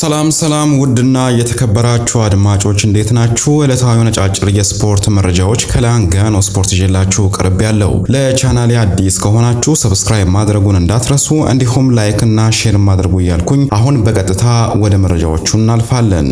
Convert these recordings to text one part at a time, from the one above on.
ሰላም ሰላም ውድና የተከበራችሁ አድማጮች እንዴት ናችሁ? ዕለታዊ ነጫጭር የስፖርት መረጃዎች ከላንጋኖ ስፖርት ይዤላችሁ ቅርብ ያለው። ለቻናሌ አዲስ ከሆናችሁ ሰብስክራይብ ማድረጉን እንዳትረሱ፣ እንዲሁም ላይክ እና ሼር ማድረጉ እያልኩኝ አሁን በቀጥታ ወደ መረጃዎቹ እናልፋለን።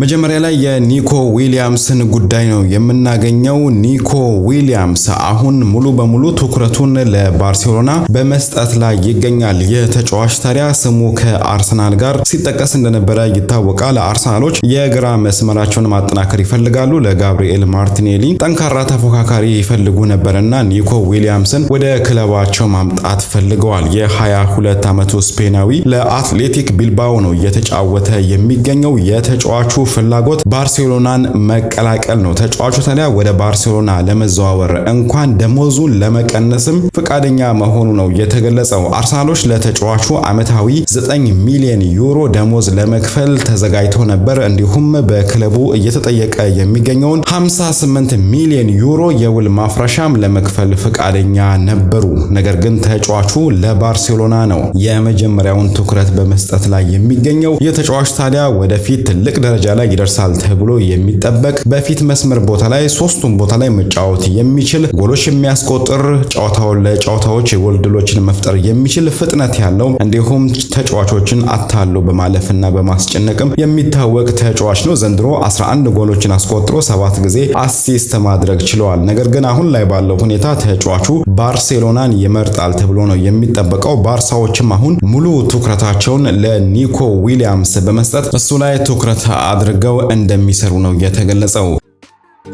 መጀመሪያ ላይ የኒኮ ዊሊያምስን ጉዳይ ነው የምናገኘው። ኒኮ ዊሊያምስ አሁን ሙሉ በሙሉ ትኩረቱን ለባርሴሎና በመስጠት ላይ ይገኛል። የተጫዋች ታዲያ ስሙ ከአርሰናል ጋር ሲጠቀስ እንደነበረ ይታወቃል። አርሰናሎች የግራ መስመራቸውን ማጠናከር ይፈልጋሉ። ለጋብሪኤል ማርቲኔሊ ጠንካራ ተፎካካሪ ይፈልጉ ነበርና ኒኮ ዊሊያምስን ወደ ክለባቸው ማምጣት ፈልገዋል። የ22 ዓመቱ ስፔናዊ ለአትሌቲክ ቢልባኦ ነው እየተጫወተ የሚገኘው የተጫዋቹ ፍላጎት ባርሴሎናን መቀላቀል ነው። ተጫዋቹ ታዲያ ወደ ባርሴሎና ለመዘዋወር እንኳን ደሞዙን ለመቀነስም ፈቃደኛ መሆኑ ነው የተገለጸው። አርሰናሎች ለተጫዋቹ ዓመታዊ 9 ሚሊዮን ዩሮ ደሞዝ ለመክፈል ተዘጋጅተው ነበር። እንዲሁም በክለቡ እየተጠየቀ የሚገኘውን 58 ሚሊዮን ዩሮ የውል ማፍረሻም ለመክፈል ፈቃደኛ ነበሩ። ነገር ግን ተጫዋቹ ለባርሴሎና ነው የመጀመሪያውን ትኩረት በመስጠት ላይ የሚገኘው። የተጫዋቹ ታዲያ ወደፊት ትልቅ ደረጃ ላይ ይደርሳል ተብሎ የሚጠበቅ በፊት መስመር ቦታ ላይ ሶስቱም ቦታ ላይ መጫወት የሚችል ጎሎች የሚያስቆጥር ጨዋታውን ለጨዋታዎች የጎል ድሎችን መፍጠር የሚችል ፍጥነት ያለው እንዲሁም ተጫዋቾችን አታሎ በማለፍና በማስጨነቅም የሚታወቅ ተጫዋች ነው። ዘንድሮ 11 ጎሎችን አስቆጥሮ ሰባት ጊዜ አሲስት ማድረግ ችለዋል። ነገር ግን አሁን ላይ ባለው ሁኔታ ተጫዋቹ ባርሴሎናን ይመርጣል ተብሎ ነው የሚጠበቀው። ባርሳዎችም አሁን ሙሉ ትኩረታቸውን ለኒኮ ዊሊያምስ በመስጠት እሱ ላይ ትኩረት አድርገው አድርገው እንደሚሰሩ ነው የተገለጸው።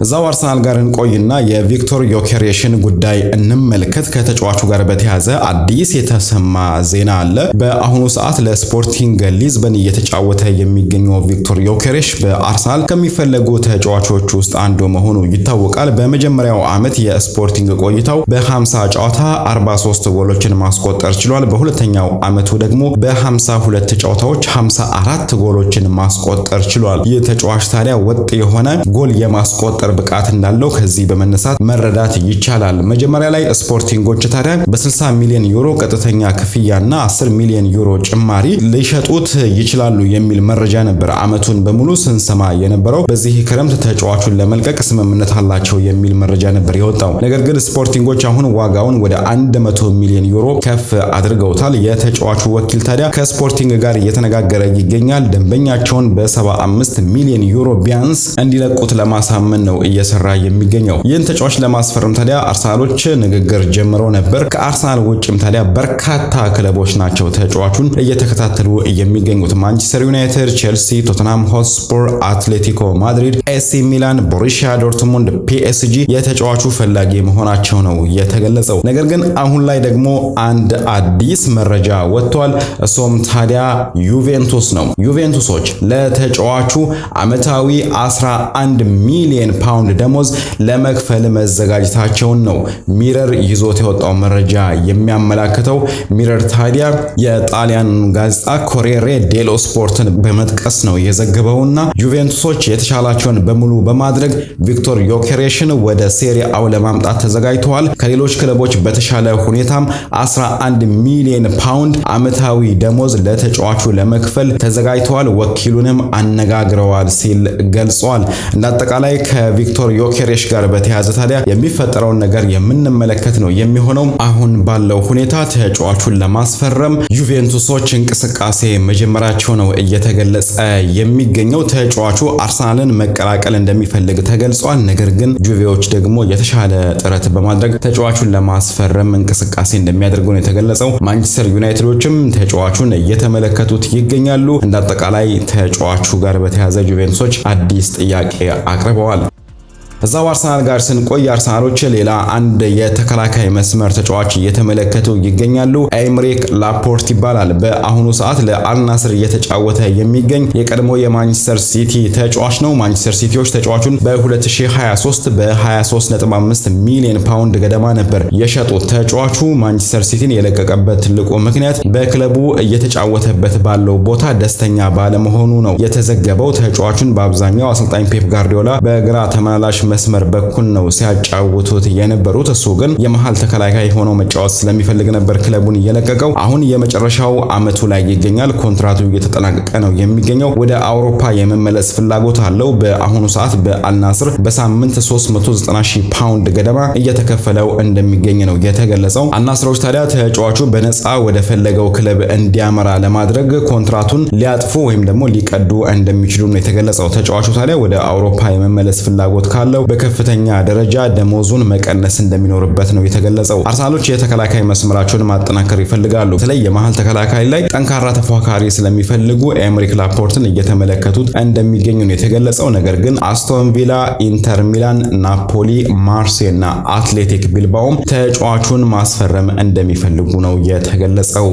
እዛው አርሰናል ጋር እንቆይና የቪክቶር ዮኬሬሽን ጉዳይ እንመልከት። ከተጫዋቹ ጋር በተያዘ አዲስ የተሰማ ዜና አለ። በአሁኑ ሰዓት ለስፖርቲንግ ሊዝበን እየተጫወተ የሚገኘው ቪክቶር ዮኬሬሽ በአርሰናል ከሚፈለጉ ተጫዋቾች ውስጥ አንዱ መሆኑ ይታወቃል። በመጀመሪያው ዓመት የስፖርቲንግ ቆይታው በ50 ጨዋታ 43 ጎሎችን ማስቆጠር ችሏል። በሁለተኛው ዓመቱ ደግሞ በ52 ጨዋታዎች 54 ጎሎችን ማስቆጠር ችሏል። ይህ ተጫዋች ታዲያ ወጥ የሆነ ጎል የማስቆጠር የመቆጠር ብቃት እንዳለው ከዚህ በመነሳት መረዳት ይቻላል። መጀመሪያ ላይ ስፖርቲንጎች ታዲያ በ60 ሚሊዮን ዩሮ ቀጥተኛ ክፍያና 10 ሚሊዮን ዩሮ ጭማሪ ሊሸጡት ይችላሉ የሚል መረጃ ነበር አመቱን በሙሉ ስንሰማ የነበረው። በዚህ ክረምት ተጫዋቹን ለመልቀቅ ስምምነት አላቸው የሚል መረጃ ነበር የወጣው። ነገር ግን ስፖርቲንጎች አሁን ዋጋውን ወደ 100 ሚሊዮን ዩሮ ከፍ አድርገውታል። የተጫዋቹ ወኪል ታዲያ ከስፖርቲንግ ጋር እየተነጋገረ ይገኛል። ደንበኛቸውን በ75 ሚሊዮን ዩሮ ቢያንስ እንዲለቁት ለማሳመን ነው ነው እየሰራ የሚገኘው። ይህን ተጫዋች ለማስፈረም ታዲያ አርሰናሎች ንግግር ጀምረው ነበር። ከአርሰናል ውጭም ታዲያ በርካታ ክለቦች ናቸው ተጫዋቹን እየተከታተሉ የሚገኙት። ማንቸስተር ዩናይትድ፣ ቼልሲ፣ ቶተንሃም ሆትስፖር፣ አትሌቲኮ ማድሪድ፣ ኤሲ ሚላን፣ ቦሩሺያ ዶርትሙንድ፣ ፒኤስጂ የተጫዋቹ ፈላጊ መሆናቸው ነው የተገለጸው። ነገር ግን አሁን ላይ ደግሞ አንድ አዲስ መረጃ ወጥቷል። እሱም ታዲያ ዩቬንቱስ ነው። ዩቬንቱሶች ለተጫዋቹ ዓመታዊ 11 ሚሊዮን ፓውንድ ደሞዝ ለመክፈል መዘጋጀታቸውን ነው ሚረር ይዞት የወጣው መረጃ የሚያመላክተው። ሚረር ታዲያ የጣሊያን ጋዜጣ ኮሬሬ ዴሎ ስፖርትን በመጥቀስ ነው የዘገበውና ዩቬንቱሶች የተሻላቸውን በሙሉ በማድረግ ቪክቶር ዮኬሬሽን ወደ ሴሪአው ለማምጣት ተዘጋጅተዋል። ከሌሎች ክለቦች በተሻለ ሁኔታም 11 ሚሊዮን ፓውንድ አመታዊ ደሞዝ ለተጫዋቹ ለመክፈል ተዘጋጅተዋል። ወኪሉንም አነጋግረዋል ሲል ገልጸዋል። እንዳጠቃላይ ከ ከቪክቶር ዮኬሬሽ ጋር በተያያዘ ታዲያ የሚፈጠረውን ነገር የምንመለከት ነው የሚሆነው። አሁን ባለው ሁኔታ ተጫዋቹን ለማስፈረም ዩቬንቱሶች እንቅስቃሴ መጀመራቸው ነው እየተገለጸ የሚገኘው። ተጫዋቹ አርሰናልን መቀላቀል እንደሚፈልግ ተገልጿል። ነገር ግን ጁቬዎች ደግሞ የተሻለ ጥረት በማድረግ ተጫዋቹን ለማስፈረም እንቅስቃሴ እንደሚያደርጉ ነው የተገለጸው። ማንቸስተር ዩናይትዶችም ተጫዋቹን እየተመለከቱት ይገኛሉ። እንደ አጠቃላይ ተጫዋቹ ጋር በተያያዘ ጁቬንቱሶች አዲስ ጥያቄ አቅርበዋል። እዛው አርሰናል ጋር ስንቆይ አርሰናሎች ሌላ አንድ የተከላካይ መስመር ተጫዋች እየተመለከቱ ይገኛሉ። ኤምሪክ ላፖርት ይባላል። በአሁኑ ሰዓት ለአልናስር እየተጫወተ የሚገኝ የቀድሞ የማንቸስተር ሲቲ ተጫዋች ነው። ማንቸስተር ሲቲዎች ተጫዋቹን በ2023 በ23.5 ሚሊዮን ፓውንድ ገደማ ነበር የሸጡት። ተጫዋቹ ማንቸስተር ሲቲን የለቀቀበት ትልቁ ምክንያት በክለቡ እየተጫወተበት ባለው ቦታ ደስተኛ ባለመሆኑ ነው የተዘገበው። ተጫዋቹን በአብዛኛው አሰልጣኝ ፔፕ ጋርዲዮላ በግራ ተመላላሽ መስመር በኩል ነው ሲያጫውቱት የነበሩት። እሱ ግን የመሃል ተከላካይ ሆኖ መጫወት ስለሚፈልግ ነበር ክለቡን እየለቀቀው። አሁን የመጨረሻው አመቱ ላይ ይገኛል። ኮንትራቱ እየተጠናቀቀ ነው የሚገኘው። ወደ አውሮፓ የመመለስ ፍላጎት አለው። በአሁኑ ሰዓት በአልናስር በሳምንት 390 ሺህ ፓውንድ ገደማ እየተከፈለው እንደሚገኝ ነው የተገለጸው። አልናስሮች ታዲያ ተጫዋቹ በነፃ ወደ ፈለገው ክለብ እንዲያመራ ለማድረግ ኮንትራቱን ሊያጥፉ ወይም ደግሞ ሊቀዱ እንደሚችሉ ነው የተገለጸው። ተጫዋቹ ታዲያ ወደ አውሮፓ የመመለስ ፍላጎት ካለው በከፍተኛ ደረጃ ደሞዙን መቀነስ እንደሚኖርበት ነው የተገለጸው። አርሰናሎች የተከላካይ መስመራቸውን ማጠናከር ይፈልጋሉ። በተለይ የመሀል ተከላካይ ላይ ጠንካራ ተፎካካሪ ስለሚፈልጉ ኤምሪክ ላፖርትን እየተመለከቱት እንደሚገኙ ነው የተገለጸው። ነገር ግን አስቶን ቪላ፣ ኢንተር ሚላን፣ ናፖሊ፣ ማርሴይ እና አትሌቲክ ቢልባውም ተጫዋቹን ማስፈረም እንደሚፈልጉ ነው የተገለጸው።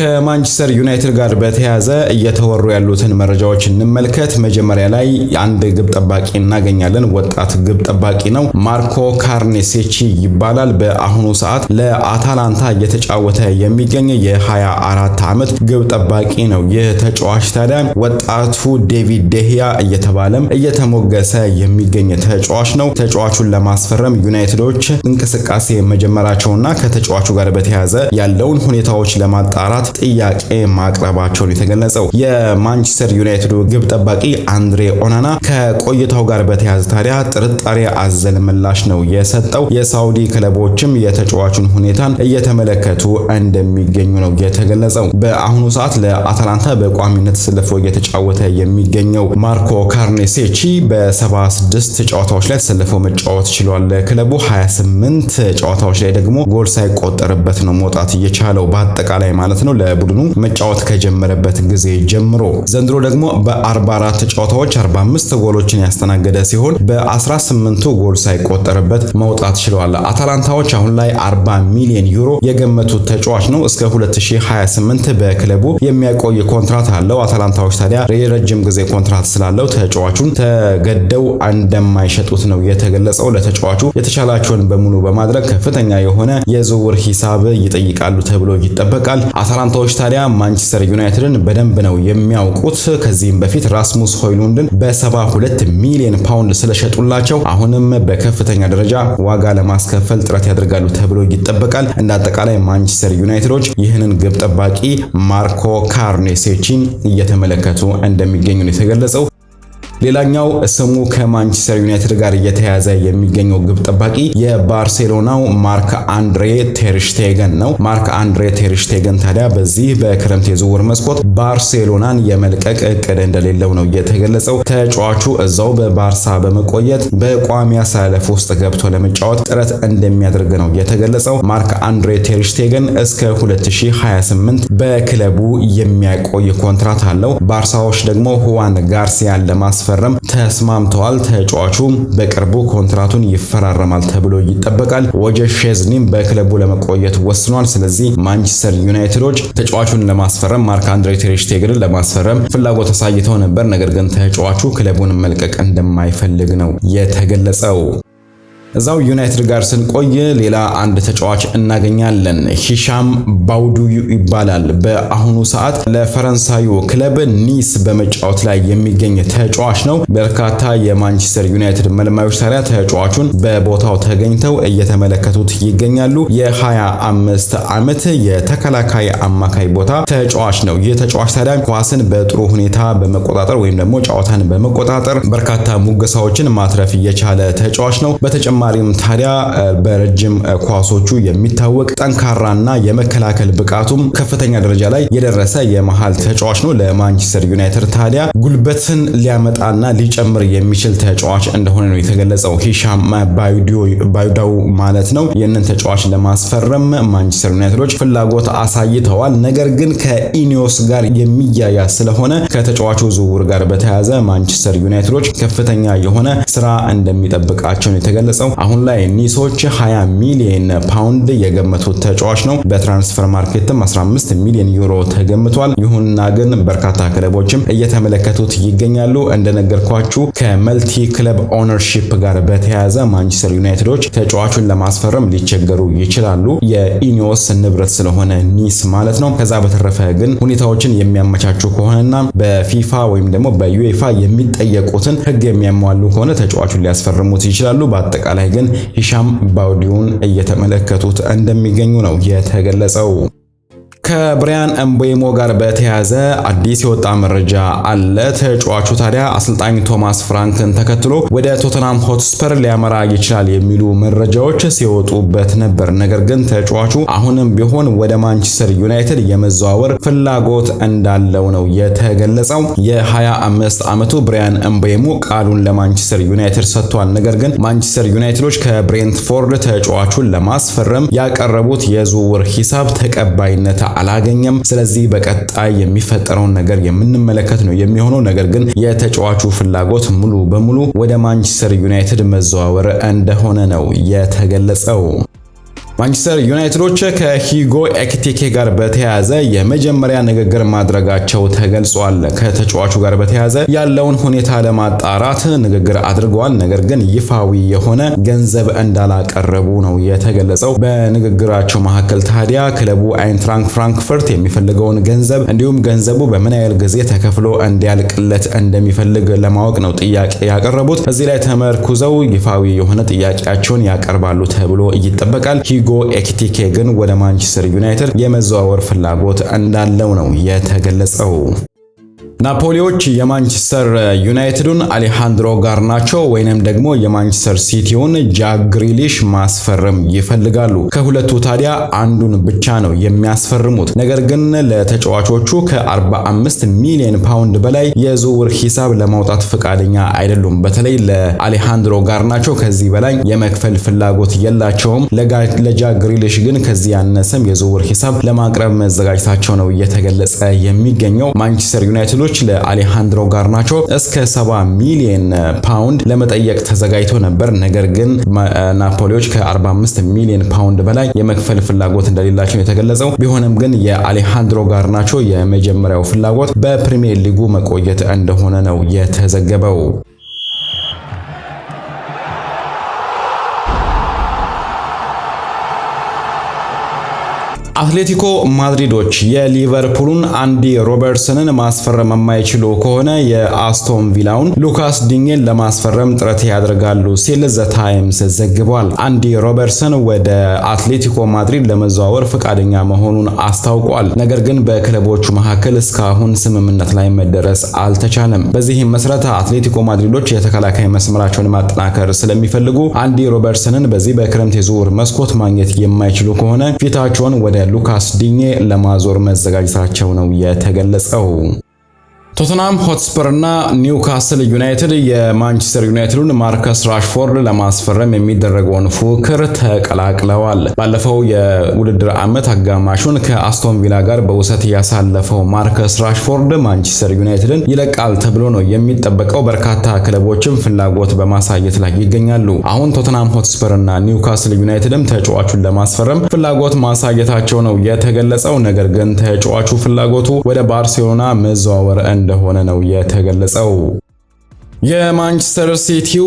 ከማንቸስተር ዩናይትድ ጋር በተያያዘ እየተወሩ ያሉትን መረጃዎች እንመልከት። መጀመሪያ ላይ አንድ ግብ ጠባቂ እናገኛለን። ወጣት ግብ ጠባቂ ነው። ማርኮ ካርኔሴቺ ይባላል። በአሁኑ ሰዓት ለአታላንታ እየተጫወተ የሚገኝ የ24 ዓመት ግብ ጠባቂ ነው። ይህ ተጫዋች ታዲያ ወጣቱ ዴቪድ ደህያ እየተባለም እየተሞገሰ የሚገኝ ተጫዋች ነው። ተጫዋቹን ለማስፈረም ዩናይትዶች እንቅስቃሴ መጀመራቸውና ከተጫዋቹ ጋር በተያያዘ ያለውን ሁኔታዎች ለማጣራት ጥያቄ ማቅረባቸውን የተገለጸው። የማንቸስተር ዩናይትዱ ግብ ጠባቂ አንድሬ ኦናና ከቆይታው ጋር በተያያዘ ታዲያ ጥርጣሬ አዘል ምላሽ ነው የሰጠው። የሳውዲ ክለቦችም የተጫዋቹን ሁኔታን እየተመለከቱ እንደሚገኙ ነው የተገለጸው። በአሁኑ ሰዓት ለአታላንታ በቋሚነት ተሰልፎ እየተጫወተ የሚገኘው ማርኮ ካርኔሴቺ በ76 ጨዋታዎች ላይ ተሰልፎ መጫወት ችሏል። ክለቡ 28 ጨዋታዎች ላይ ደግሞ ጎል ሳይቆጠርበት ነው መውጣት እየቻለው በአጠቃላይ ማለት ነው። ለቡድኑ መጫወት ከጀመረበት ጊዜ ጀምሮ። ዘንድሮ ደግሞ በ44 ጨዋታዎች 45 ጎሎችን ያስተናገደ ሲሆን በ18ቱ ጎል ሳይቆጠርበት መውጣት ችለዋል። አታላንታዎች አሁን ላይ 40 ሚሊዮን ዩሮ የገመቱት ተጫዋች ነው። እስከ 2028 በክለቡ የሚያቆይ ኮንትራት አለው። አታላንታዎች ታዲያ የረጅም ጊዜ ኮንትራት ስላለው ተጫዋቹን ተገደው እንደማይሸጡት ነው የተገለጸው። ለተጫዋቹ የተቻላቸውን በሙሉ በማድረግ ከፍተኛ የሆነ የዝውውር ሂሳብ ይጠይቃሉ ተብሎ ይጠበቃል። አትላንታዎች ታዲያ ማንቸስተር ዩናይትድን በደንብ ነው የሚያውቁት። ከዚህም በፊት ራስሙስ ሆይሉንድን በ72 ሚሊዮን ፓውንድ ስለሸጡላቸው አሁንም በከፍተኛ ደረጃ ዋጋ ለማስከፈል ጥረት ያደርጋሉ ተብሎ ይጠበቃል። እንደ አጠቃላይ ማንቸስተር ዩናይትዶች ይህንን ግብ ጠባቂ ማርኮ ካርኔሴቺን እየተመለከቱ እንደሚገኙ ነው የተገለጸው። ሌላኛው ስሙ ከማንቸስተር ዩናይትድ ጋር እየተያያዘ የሚገኘው ግብ ጠባቂ የባርሴሎናው ማርክ አንድሬ ቴርሽቴገን ነው። ማርክ አንድሬ ቴርሽቴገን ታዲያ በዚህ በክረምት የዝውውር መስኮት ባርሴሎናን የመልቀቅ እቅድ እንደሌለው ነው እየተገለጸው። ተጫዋቹ እዛው በባርሳ በመቆየት በቋሚ አሰላለፍ ውስጥ ገብቶ ለመጫወት ጥረት እንደሚያደርግ ነው የተገለጸው። ማርክ አንድሬ ቴርሽቴገን እስከ 2028 በክለቡ የሚያቆይ ኮንትራት አለው። ባርሳዎች ደግሞ ሁዋን ጋርሲያን ለማስፈ ለማስፈረም ተስማምተዋል። ተጫዋቹ በቅርቡ ኮንትራቱን ይፈራረማል ተብሎ ይጠበቃል። ወጀ ሼዝኒም በክለቡ ለመቆየት ወስኗል። ስለዚህ ማንቸስተር ዩናይትዶች ተጫዋቹን ለማስፈረም ማርክ አንድሬ ቴርሽቴግንን ለማስፈረም ፍላጎት አሳይተው ነበር። ነገር ግን ተጫዋቹ ክለቡን መልቀቅ እንደማይፈልግ ነው የተገለጸው። እዛው ዩናይትድ ጋር ስንቆይ ሌላ አንድ ተጫዋች እናገኛለን። ሂሻም ባውዱዩ ይባላል። በአሁኑ ሰዓት ለፈረንሳዩ ክለብ ኒስ በመጫወት ላይ የሚገኝ ተጫዋች ነው። በርካታ የማንቸስተር ዩናይትድ መልማዮች ታዲያ ተጫዋቹን በቦታው ተገኝተው እየተመለከቱት ይገኛሉ። የ25 ዓመት የተከላካይ አማካይ ቦታ ተጫዋች ነው። ይህ ተጫዋች ታዲያ ኳስን በጥሩ ሁኔታ በመቆጣጠር ወይም ደግሞ ጨዋታን በመቆጣጠር በርካታ ሙገሳዎችን ማትረፍ እየቻለ ተጫዋች ነው። በተጨማ በተጨማሪም ታዲያ በረጅም ኳሶቹ የሚታወቅ ጠንካራና የመከላከል ብቃቱም ከፍተኛ ደረጃ ላይ የደረሰ የመሃል ተጫዋች ነው። ለማንቸስተር ዩናይትድ ታዲያ ጉልበትን ሊያመጣና ሊጨምር የሚችል ተጫዋች እንደሆነ ነው የተገለጸው። ሂሻም ባዩዳው ማለት ነው። ይህንን ተጫዋች ለማስፈረም ማንቸስተር ዩናይትዶች ፍላጎት አሳይተዋል። ነገር ግን ከኢኒዮስ ጋር የሚያያ ስለሆነ ከተጫዋቹ ዝውውር ጋር በተያያዘ ማንቸስተር ዩናይትዶች ከፍተኛ የሆነ ስራ እንደሚጠብቃቸው ነው የተገለጸው። ነው። አሁን ላይ ኒሶች 20 ሚሊዮን ፓውንድ የገመቱት ተጫዋች ነው። በትራንስፈር ማርኬትም 15 ሚሊዮን ዩሮ ተገምቷል። ይሁንና ግን በርካታ ክለቦችም እየተመለከቱት ይገኛሉ። እንደነገርኳችሁ ከመልቲ ክለብ ኦነርሺፕ ጋር በተያያዘ ማንቸስተር ዩናይትዶች ተጫዋቹን ለማስፈረም ሊቸገሩ ይችላሉ። የኢኒዮስ ንብረት ስለሆነ ኒስ ማለት ነው። ከዛ በተረፈ ግን ሁኔታዎችን የሚያመቻቹ ከሆነና በፊፋ ወይም ደግሞ በዩኤፋ የሚጠየቁትን ሕግ የሚያሟሉ ከሆነ ተጫዋቹን ሊያስፈርሙት ይችላሉ። በአጠቃላይ በአጠቃላይ ግን ሂሻም ባውዲውን እየተመለከቱት እንደሚገኙ ነው የተገለጸው። ከብሪያን እምቦይሞ ጋር በተያያዘ አዲስ የወጣ መረጃ አለ። ተጫዋቹ ታዲያ አሰልጣኝ ቶማስ ፍራንክን ተከትሎ ወደ ቶተናም ሆትስፐር ሊያመራ ይችላል የሚሉ መረጃዎች ሲወጡበት ነበር። ነገር ግን ተጫዋቹ አሁንም ቢሆን ወደ ማንቸስተር ዩናይትድ የመዘዋወር ፍላጎት እንዳለው ነው የተገለጸው። የ25 ዓመቱ ብሪያን እምቦይሞ ቃሉን ለማንቸስተር ዩናይትድ ሰጥቷል። ነገር ግን ማንቸስተር ዩናይትዶች ከብሬንትፎርድ ተጫዋቹን ለማስፈረም ያቀረቡት የዝውውር ሂሳብ ተቀባይነት አላገኘም። ስለዚህ በቀጣይ የሚፈጠረውን ነገር የምንመለከት ነው የሚሆነው። ነገር ግን የተጫዋቹ ፍላጎት ሙሉ በሙሉ ወደ ማንቸስተር ዩናይትድ መዘዋወር እንደሆነ ነው የተገለጸው። ማንቸስተር ዩናይትዶች ከሂጎ ኤክቴኬ ጋር በተያያዘ የመጀመሪያ ንግግር ማድረጋቸው ተገልጿል። ከተጫዋቹ ጋር በተያያዘ ያለውን ሁኔታ ለማጣራት ንግግር አድርገዋል። ነገር ግን ይፋዊ የሆነ ገንዘብ እንዳላቀረቡ ነው የተገለጸው። በንግግራቸው መካከል ታዲያ ክለቡ አይንትራንክ ፍራንክፈርት የሚፈልገውን ገንዘብ እንዲሁም ገንዘቡ በምን ያህል ጊዜ ተከፍሎ እንዲያልቅለት እንደሚፈልግ ለማወቅ ነው ጥያቄ ያቀረቡት። እዚህ ላይ ተመርኩዘው ይፋዊ የሆነ ጥያቄያቸውን ያቀርባሉ ተብሎ ይጠበቃል። ሂጎ ኢጎ ኤኪቲኬ ግን ወደ ማንቸስተር ዩናይትድ የመዘዋወር ፍላጎት እንዳለው ነው የተገለጸው። ናፖሊዎች የማንቸስተር ዩናይትዱን አሌሃንድሮ ጋርናቾ ወይንም ደግሞ የማንቸስተር ሲቲውን ጃክ ግሪሊሽ ማስፈረም ይፈልጋሉ። ከሁለቱ ታዲያ አንዱን ብቻ ነው የሚያስፈርሙት። ነገር ግን ለተጫዋቾቹ ከ45 ሚሊዮን ፓውንድ በላይ የዝውውር ሂሳብ ለማውጣት ፈቃደኛ አይደሉም። በተለይ ለአሌሃንድሮ ጋርናቾ ከዚህ በላይ የመክፈል ፍላጎት የላቸውም። ለጃክ ግሪሊሽ ግን ከዚህ ያነሰም የዝውውር ሂሳብ ለማቅረብ መዘጋጀታቸው ነው እየተገለጸ የሚገኘው። ማንቸስተር ዩናይትዶች ለአሌሃንድሮ ጋርናቾ እስከ 70 ሚሊዮን ፓውንድ ለመጠየቅ ተዘጋጅቶ ነበር። ነገር ግን ናፖሊዎች ከ45 ሚሊዮን ፓውንድ በላይ የመክፈል ፍላጎት እንደሌላቸው የተገለጸው ቢሆንም ግን የአሌሃንድሮ ጋርናቾ የመጀመሪያው ፍላጎት በፕሪሚየር ሊጉ መቆየት እንደሆነ ነው የተዘገበው። አትሌቲኮ ማድሪዶች የሊቨርፑሉን አንዲ ሮበርትሰንን ማስፈረም የማይችሉ ከሆነ የአስቶን ቪላውን ሉካስ ዲኝን ለማስፈረም ጥረት ያደርጋሉ ሲል ዘ ታይምስ ዘግቧል። አንዲ ሮበርትሰን ወደ አትሌቲኮ ማድሪድ ለመዘዋወር ፈቃደኛ መሆኑን አስታውቋል። ነገር ግን በክለቦቹ መካከል እስካሁን ስምምነት ላይ መደረስ አልተቻለም። በዚህም መሰረት አትሌቲኮ ማድሪዶች የተከላካይ መስመራቸውን ማጠናከር ስለሚፈልጉ አንዲ ሮበርትሰንን በዚህ በክረምት የዝውውር መስኮት ማግኘት የማይችሉ ከሆነ ፊታቸውን ወደ ሉካስ ዲኜ ለማዞር መዘጋጀታቸው ነው የተገለጸው። ቶተናም ሆትስፐርና ኒውካስል ዩናይትድ የማንቸስተር ዩናይትዱን ማርከስ ራሽፎርድ ለማስፈረም የሚደረገውን ፉክክር ተቀላቅለዋል። ባለፈው የውድድር ዓመት አጋማሹን ከአስቶን ቪላ ጋር በውሰት ያሳለፈው ማርከስ ራሽፎርድ ማንቸስተር ዩናይትድን ይለቃል ተብሎ ነው የሚጠበቀው። በርካታ ክለቦችም ፍላጎት በማሳየት ላይ ይገኛሉ። አሁን ቶተናም ሆትስፐርና ኒውካስል ዩናይትድም ተጫዋቹን ለማስፈረም ፍላጎት ማሳየታቸው ነው የተገለጸው። ነገር ግን ተጫዋቹ ፍላጎቱ ወደ ባርሴሎና መዘዋወር እንደሆነ ነው የተገለጸው። የማንቸስተር ሲቲው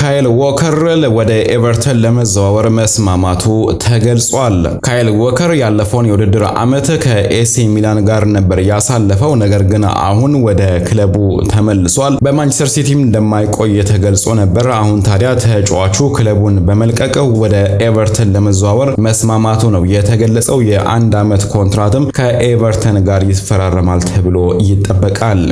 ካይል ዎከር ወደ ኤቨርተን ለመዘዋወር መስማማቱ ተገልጿል። ካይል ዎከር ያለፈውን የውድድር ዓመት ከኤሲ ሚላን ጋር ነበር ያሳለፈው። ነገር ግን አሁን ወደ ክለቡ ተመልሷል። በማንቸስተር ሲቲም እንደማይቆይ ተገልጾ ነበር። አሁን ታዲያ ተጫዋቹ ክለቡን በመልቀቅ ወደ ኤቨርተን ለመዘዋወር መስማማቱ ነው የተገለጸው። የአንድ ዓመት ኮንትራትም ከኤቨርተን ጋር ይፈራረማል ተብሎ ይጠበቃል።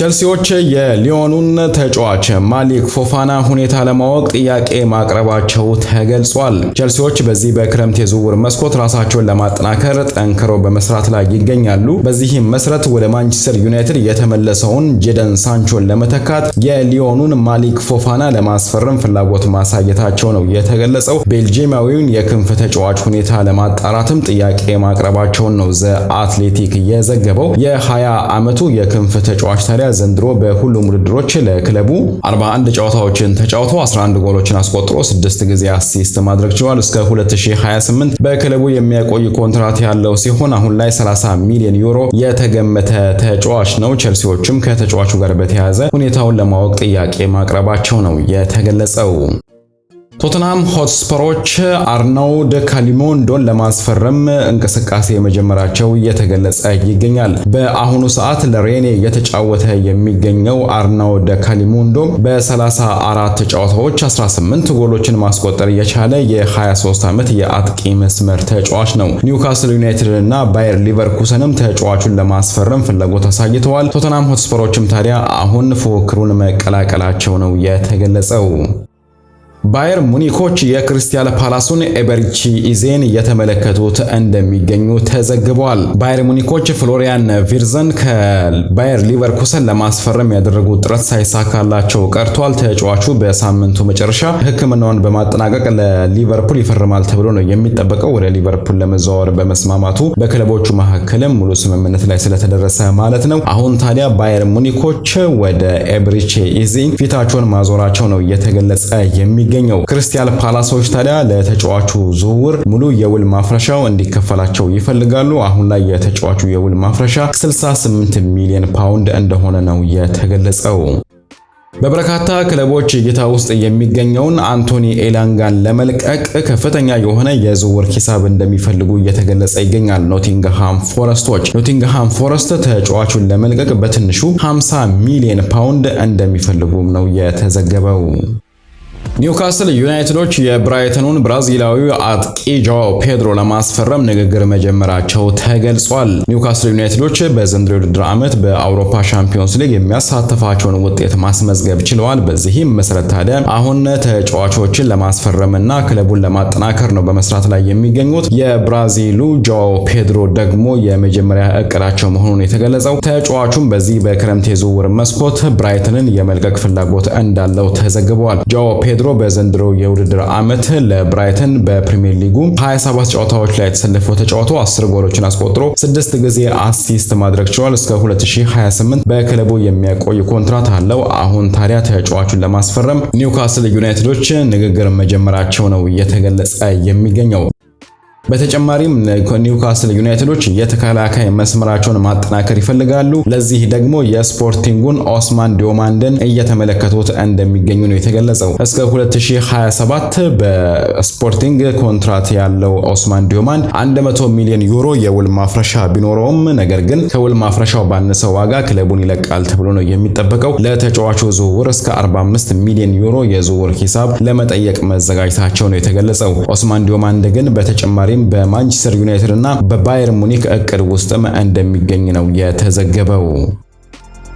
ቸልሲዎች የሊዮኑን ተጫዋች ማሊክ ፎፋና ሁኔታ ለማወቅ ጥያቄ ማቅረባቸው ተገልጿል። ቸልሲዎች በዚህ በክረምት የዝውውር መስኮት ራሳቸውን ለማጠናከር ጠንክሮ በመስራት ላይ ይገኛሉ። በዚህም መሰረት ወደ ማንቸስተር ዩናይትድ የተመለሰውን ጄደን ሳንቾን ለመተካት የሊዮኑን ማሊክ ፎፋና ለማስፈረም ፍላጎት ማሳየታቸው ነው የተገለጸው። ቤልጂማዊውን የክንፍ ተጫዋች ሁኔታ ለማጣራትም ጥያቄ ማቅረባቸውን ነው ዘ አትሌቲክ የዘገበው። የ20 ዓመቱ የክንፍ ተጫዋች ታዲያ ታዲያ ዘንድሮ በሁሉም ውድድሮች ለክለቡ 41 ጨዋታዎችን ተጫውቶ 11 ጎሎችን አስቆጥሮ 6 ጊዜ አሲስት ማድረግ ችሏል። እስከ 2028 በክለቡ የሚያቆይ ኮንትራት ያለው ሲሆን አሁን ላይ 30 ሚሊዮን ዩሮ የተገመተ ተጫዋች ነው። ቸልሲዎችም ከተጫዋቹ ጋር በተያያዘ ሁኔታውን ለማወቅ ጥያቄ ማቅረባቸው ነው የተገለጸው። ቶትናም ሆትስፐሮች አርናውድ ደ ካሊሞንዶን ለማስፈረም እንቅስቃሴ መጀመራቸው እየተገለጸ ይገኛል። በአሁኑ ሰዓት ለሬኔ እየተጫወተ የሚገኘው አርናውድ ደ ካሊሞንዶ በ34 ጨዋታዎች 18 ጎሎችን ማስቆጠር የቻለ የ23 ዓመት የአጥቂ መስመር ተጫዋች ነው። ኒውካስል ዩናይትድ እና ባየር ሊቨርኩሰንም ተጫዋቹን ለማስፈረም ፍላጎት አሳይተዋል። ቶትናም ሆትስፐሮችም ታዲያ አሁን ፉክክሩን መቀላቀላቸው ነው የተገለጸው። ባየር ሙኒኮች የክርስቲያል ፓላሱን ኤበርቺ ኢዜን የተመለከቱት እንደሚገኙ ተዘግበዋል። ባየር ሙኒኮች ፍሎሪያን ቪርዘን ከባየር ሊቨርኩሰን ለማስፈረም ያደረጉት ጥረት ሳይሳካላቸው ቀርቷል። ተጫዋቹ በሳምንቱ መጨረሻ ሕክምናውን በማጠናቀቅ ለሊቨርፑል ይፈርማል ተብሎ ነው የሚጠበቀው። ወደ ሊቨርፑል ለመዘዋወር በመስማማቱ በክለቦቹ መካከልም ሙሉ ስምምነት ላይ ስለተደረሰ ማለት ነው። አሁን ታዲያ ባየር ሙኒኮች ወደ ኤበርቺ ኢዜ ፊታቸውን ማዞራቸው ነው እየተገለጸ የሚ የሚገኘው። ክርስቲያል ፓላሶች ታዲያ ለተጫዋቹ ዝውውር ሙሉ የውል ማፍረሻው እንዲከፈላቸው ይፈልጋሉ። አሁን ላይ የተጫዋቹ የውል ማፍረሻ 68 ሚሊዮን ፓውንድ እንደሆነ ነው የተገለጸው። በበርካታ ክለቦች እይታ ውስጥ የሚገኘውን አንቶኒ ኤላንጋን ለመልቀቅ ከፍተኛ የሆነ የዝውውር ሂሳብ እንደሚፈልጉ እየተገለጸ ይገኛል። ኖቲንግሃም ፎረስቶች ኖቲንግሃም ፎረስት ተጫዋቹን ለመልቀቅ በትንሹ 50 ሚሊዮን ፓውንድ እንደሚፈልጉም ነው የተዘገበው። ኒውካስል ዩናይትዶች የብራይተኑን ብራዚላዊ አጥቂ ጃዋ ፔድሮ ለማስፈረም ንግግር መጀመራቸው ተገልጿል። ኒውካስል ዩናይትዶች በዘንድሮ የውድድር ዓመት በአውሮፓ ሻምፒዮንስ ሊግ የሚያሳትፋቸውን ውጤት ማስመዝገብ ችለዋል። በዚህም መሰረት ታዲያ አሁን ተጫዋቾችን ለማስፈረምና ክለቡን ለማጠናከር ነው በመስራት ላይ የሚገኙት። የብራዚሉ ጃዋ ፔድሮ ደግሞ የመጀመሪያ እቅዳቸው መሆኑን የተገለጸው ተጫዋቹም በዚህ በክረምት የዝውውር መስኮት ብራይተንን የመልቀቅ ፍላጎት እንዳለው ተዘግበዋል። ጃዋ ፔድሮ ፔድሮ በዘንድሮ የውድድር ዓመት ለብራይተን በፕሪሚየር ሊጉ 27 ጨዋታዎች ላይ የተሰለፈው ተጫዋቱ 10 ጎሎችን አስቆጥሮ ስድስት ጊዜ አሲስት ማድረግ ችሏል። እስከ 2028 በክለቡ የሚያቆይ ኮንትራት አለው። አሁን ታዲያ ተጫዋቹን ለማስፈረም ኒውካስል ዩናይትዶች ንግግር መጀመራቸው ነው እየተገለጸ የሚገኘው። በተጨማሪም ኒውካስል ዩናይትዶች የተከላካይ መስመራቸውን ማጠናከር ይፈልጋሉ። ለዚህ ደግሞ የስፖርቲንጉን ኦስማን ዲዮማንደን እየተመለከቱት እንደሚገኙ ነው የተገለጸው። እስከ 2027 በስፖርቲንግ ኮንትራት ያለው ኦስማን ዲዮማንድ 100 ሚሊዮን ዩሮ የውል ማፍረሻ ቢኖረውም ነገር ግን ከውል ማፍረሻው ባነሰ ዋጋ ክለቡን ይለቃል ተብሎ ነው የሚጠበቀው። ለተጫዋቹ ዝውውር እስከ 45 ሚሊዮን ዩሮ የዝውውር ሂሳብ ለመጠየቅ መዘጋጀታቸው ነው የተገለጸው። ኦስማን ዲዮማንድ ግን በተጨማሪም በማንቸስተር ዩናይትድ እና በባየር ሙኒክ እቅድ ውስጥም እንደሚገኝ ነው የተዘገበው።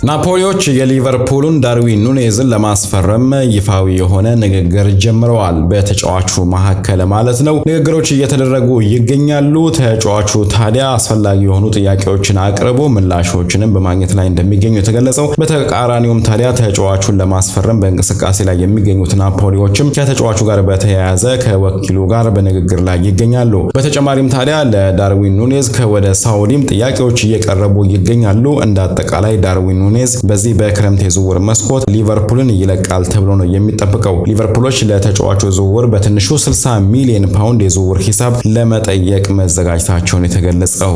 ናፖሊዎች የሊቨርፑሉን ዳርዊን ኑኔዝን ለማስፈረም ይፋዊ የሆነ ንግግር ጀምረዋል። በተጫዋቹ መካከል ማለት ነው ንግግሮች እየተደረጉ ይገኛሉ። ተጫዋቹ ታዲያ አስፈላጊ የሆኑ ጥያቄዎችን አቅርቦ ምላሾችንም በማግኘት ላይ እንደሚገኙ የተገለጸው፣ በተቃራኒውም ታዲያ ተጫዋቹን ለማስፈረም በእንቅስቃሴ ላይ የሚገኙት ናፖሊዎችም ከተጫዋቹ ጋር በተያያዘ ከወኪሉ ጋር በንግግር ላይ ይገኛሉ። በተጨማሪም ታዲያ ለዳርዊን ኑኔዝ ከወደ ሳውዲም ጥያቄዎች እየቀረቡ ይገኛሉ። እንደ አጠቃላይ ዳርዊን ኑኔዝ በዚህ በክረምት የዝውውር መስኮት ሊቨርፑልን ይለቃል ተብሎ ነው የሚጠበቀው። ሊቨርፑሎች ለተጫዋቹ ዝውውር በትንሹ 60 ሚሊዮን ፓውንድ የዝውውር ሂሳብ ለመጠየቅ መዘጋጀታቸውን የተገለጸው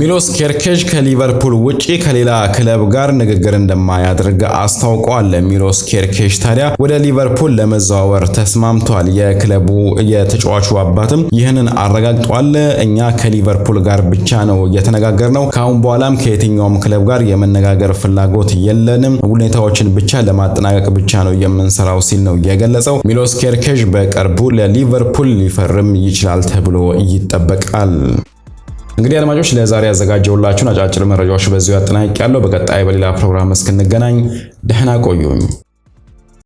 ሚሎስ ኬርኬዥ ከሊቨርፑል ውጪ ከሌላ ክለብ ጋር ንግግር እንደማያደርግ አስታውቋል። ሚሎስ ኬርኬዥ ታዲያ ወደ ሊቨርፑል ለመዘዋወር ተስማምቷል። የክለቡ የተጫዋቹ አባትም ይህንን አረጋግጧል። እኛ ከሊቨርፑል ጋር ብቻ ነው ነው። ከአሁን በኋላም ከየትኛውም ክለብ ጋር የመነጋገር ፍላጎት የለንም። ሁኔታዎችን ብቻ ለማጠናቀቅ ብቻ ነው የምንሰራው ሲል ነው የገለጸው። ሚሎስ ኬርኬዥ በቅርቡ ለሊቨርፑል ሊፈርም ይችላል ተብሎ ይጠበቃል። እንግዲህ አድማጮች ለዛሬ ያዘጋጀውላችሁን አጫጭር መረጃዎች በዚሁ ያጠናቅቅ ያለው። በቀጣይ በሌላ ፕሮግራም እስክንገናኝ ደህና ቆዩኝ።